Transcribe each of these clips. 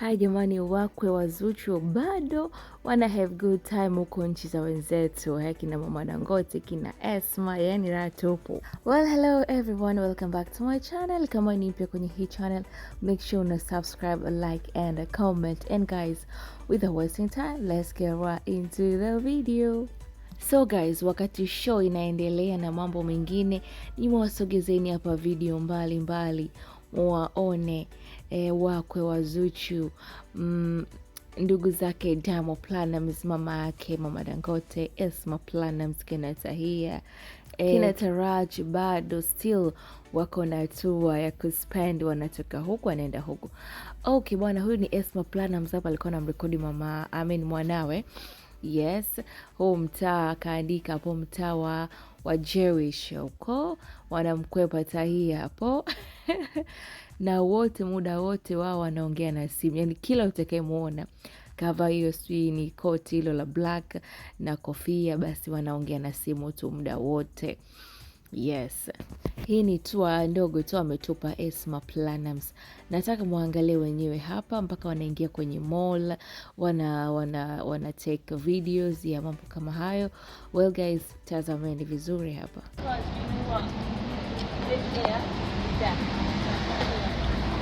Hai jamani, wakwe wa Zuchu bado wana have good time huko nchi za wenzetu eh, kina mama Dangote, kina Esma, yani raha tupu. Well, hello everyone, welcome back to my channel. Kama ni mpya kwenye hii channel, make sure una subscribe, like and comment. And guys, without wasting time, let's get right into the video. So guys, wakati show inaendelea na mambo mengine, nimewasogezeni hapa video mbalimbali muwaone mbali e, wakwe wa Zuchu mm, ndugu zake Diamond Platnumz, mama yake mama Dangote, Esma Platnumz, kina Tahia e, eh, kina Taraji bado still wako na hatua ya kuspend, wanatoka huku wanaenda huku. Okay bwana, huyu ni Esma Platnumz hapa, alikuwa anamrekodi mama amin mwanawe Yes, huu mtaa akaandika hapo, mtaa wa wa Jewish huko, wanamkwepa Tahia hapo na wote muda wote wao wanaongea na simu, yani kila utakayemuona kava hiyo sijui ni koti hilo la black na kofia, basi wanaongea na simu tu muda wote. Yes, hii ni tua ndogo tu ametupa Esma Platnumz. Nataka mwangalie wenyewe hapa, mpaka wanaingia kwenye mall, wana wana wana take videos ya mambo kama hayo. Well guys, tazameni vizuri hapa.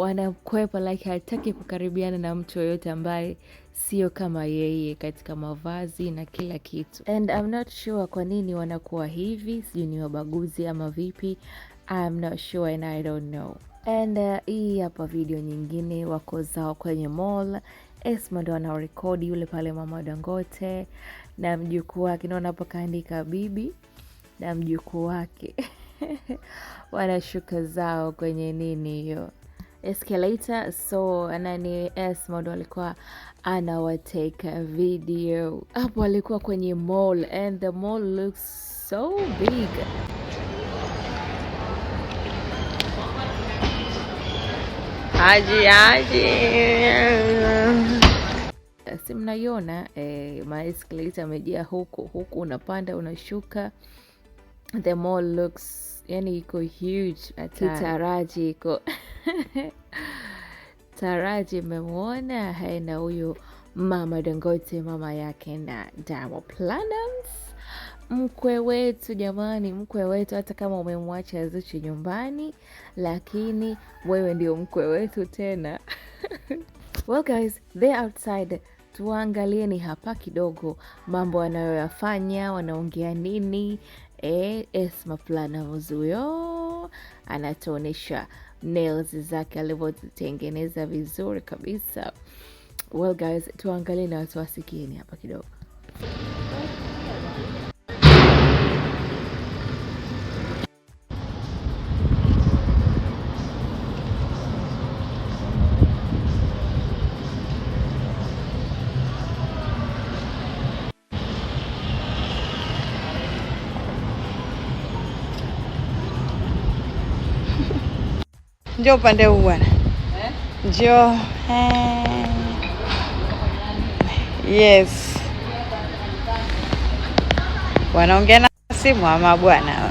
wanakwepa like hataki kukaribiana na mtu yoyote ambaye sio kama yeye katika mavazi na kila kitu. And I'm not sure kwa nini wanakuwa hivi, sijui ni wabaguzi ama vipi. I'm not sure and I don't know. And uh, hii hapa video nyingine wako zao kwenye mall Esma ndo anarekodi yule pale mama Dangote na mjukuu wake, naona hapo kaandika bibi na mjukuu wake wanashuka zao kwenye nini hiyo escalator, so nani Esmond alikuwa anawateka video hapo, alikuwa kwenye mall and the mall looks so big. Haji, haji. Si mnaiona eh, maescalate amejia huku huku, unapanda unashuka, the mall looks yani iko huge hatari. Taraji iko Taraji imemwona haina huyu mama Dangote, mama yake na damo Platnumz, mkwe wetu jamani, mkwe wetu. Hata kama umemwacha zuchi nyumbani, lakini wewe ndio mkwe wetu tena. Well guys, they outside Tuangalieni hapa kidogo mambo wanayoyafanya, wanaongea nini e, Esma Platnumz huyo anatuonyesha nails zake alivyotengeneza vizuri kabisa. Well guys, tuangalie na watu wasikieni hapa kidogo. Njoo upande huu bwana, eh? njoo. Eh. Yes, wanaongea na simu ama bwana.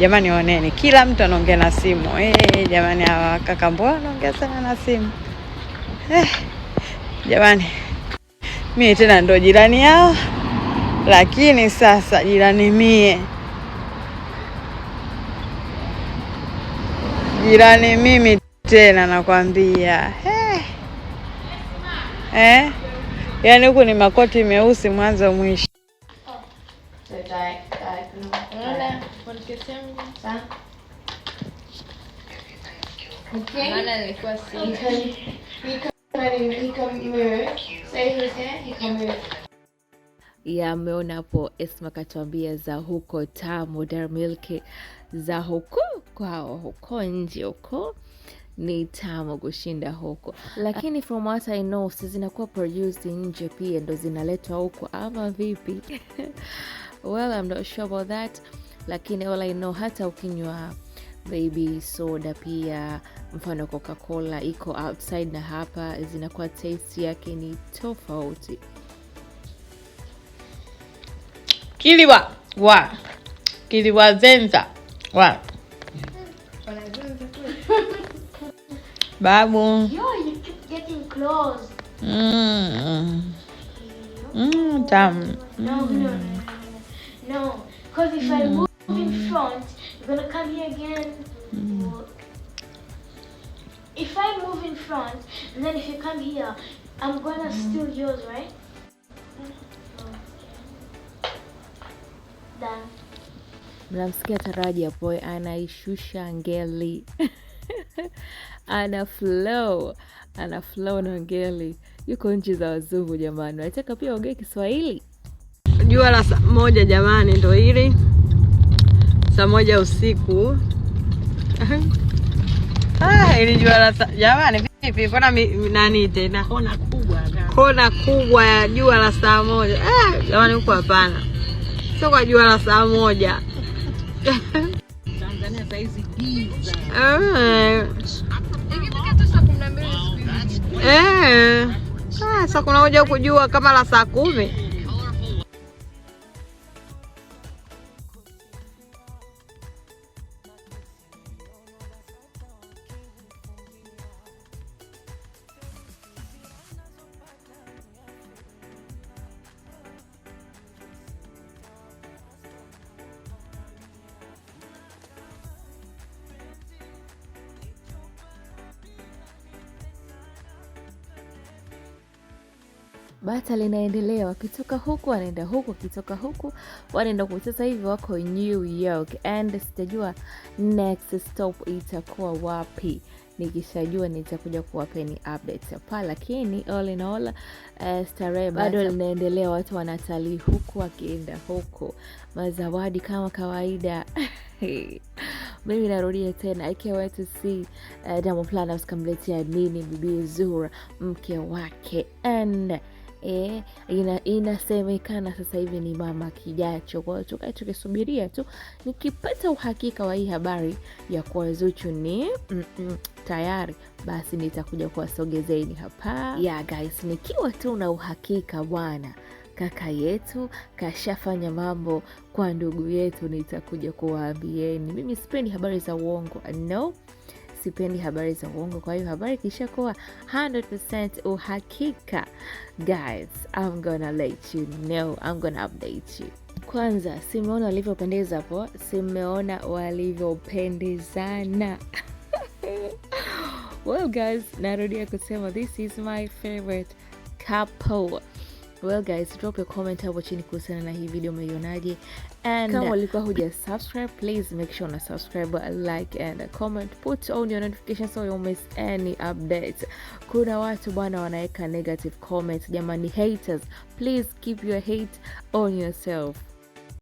Jamani, oneni, kila mtu anaongea na simu. Hey, eh, jamani, hawa kaka mbona wanaongea sana na simu? Hey, jamani, mie tena ndo jirani yao, lakini sasa jirani mie Jirani mimi tena nakwambia hey. Eh. eh? Yaani huku ni makoti meusi mwanzo mwisho ya ameona hapo Esma katuambia za huko tamu Darmilk, za huko kwao huko nje huko ni tamu kushinda huko, lakini from what I know si zinakuwa produced nje pia ndo zinaletwa huko ama vipi? Well, I'm not sure about that, lakini all I know hata ukinywa baby soda pia mfano Coca-Cola iko outside na hapa zinakuwa taste yake ni tofauti. Kiliwa wa zenza wa babu mm. mm. Mm, tam. mm. No, because if I mm. move in front, you're come here again. Mm. If I move in front, and then if you come here, I'm gonna steal yours, right? mnamsikia taraji Boy anaishusha ngeli ana flow ana flow na ngeli, yuko nchi za wazungu jamani, wanataka pia ongee Kiswahili. Jua la saa moja jamani, ndo hili saa moja usiku ah, ili jua la jamani, vipi? Mbona nani tena kona kubwa, kona kubwa ya jua la saa moja ah, jamani, huko hapana, sio kwa jua la saa moja Tanzania saizi giza. Eh. Ah, sasa kujua kama la saa kumi bata linaendelea, wakitoka huku wanaenda huku, wakitoka huku wanaenda huku. Sasa hivi wako New York and sitajua next stop itakuwa wapi. Nikishajua nitakuja kuwapeni update hapa, lakini all in all, uh, starehe bado linaendelea, watu wanatalii huku wakienda huku, mazawadi kama kawaida. Mimi narudia tena, I can't wait to see uh, Diamond Platnumz kamletea nini Bibi Zura mke wake and E, ina, inasemekana sasa hivi ni mama Kijacho. Kwa hiyo tukae tukisubiria tu, nikipata uhakika wa hii habari ya kuwa Zuchu ni mm -mm, tayari basi nitakuja kuwasogezeni hapa yeah, guys, nikiwa tu na uhakika bwana kaka yetu kashafanya mambo kwa ndugu yetu, nitakuja kuwaambieni. Mimi sipendi habari za uongo no sipendi habari za uongo. Kwa hiyo habari kuwa 100% uhakika, guys, I'm gonna let you know, I'm gonna update you. Kwanza simeona walivyopendeza hapo, simeona walivyopendezana. Well guys, narudia kusema this is my favorite couple Well guys, drop your comment hapo chini kuhusiana na hii video umeionaje? And kama ulikuwa huja subscribe, please make sure una subscribe, like and comment, put on your notifications so you miss any update. Kuna watu bwana wanaweka negative comments, jamani haters, please keep your hate on yourself.